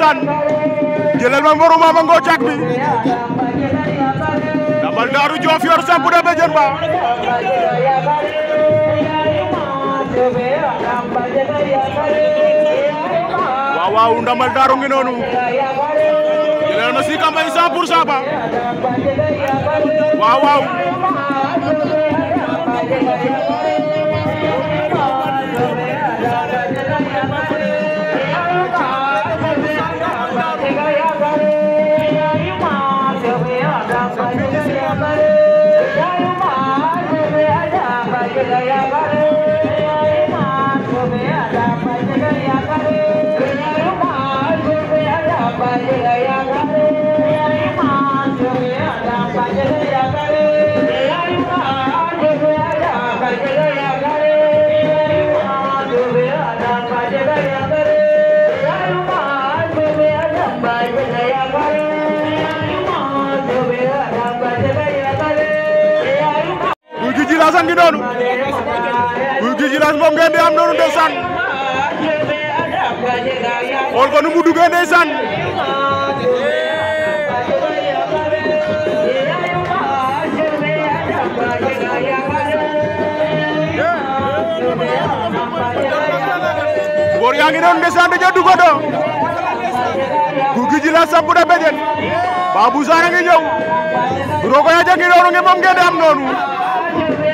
ndeysaan jëlal ma mboru Mama Ngor Cak bi dabal daaru Joof yor sampu da béjën ba waaw waaw ndamal daaru ngi noonu jëlal na si kambay 100 pour cent ba waaw waaw Assane ngi noonu Gouye Gui Djilass desan. ngeen di am noonu ndeysaan xool ko nu mu duggee ndeysaan góor yaa ngi noonu ndeysaan dañoo duggandoo Gouye Gui Djilass samp na bëjën Babou Sarr a ngi ñëw ngeen di am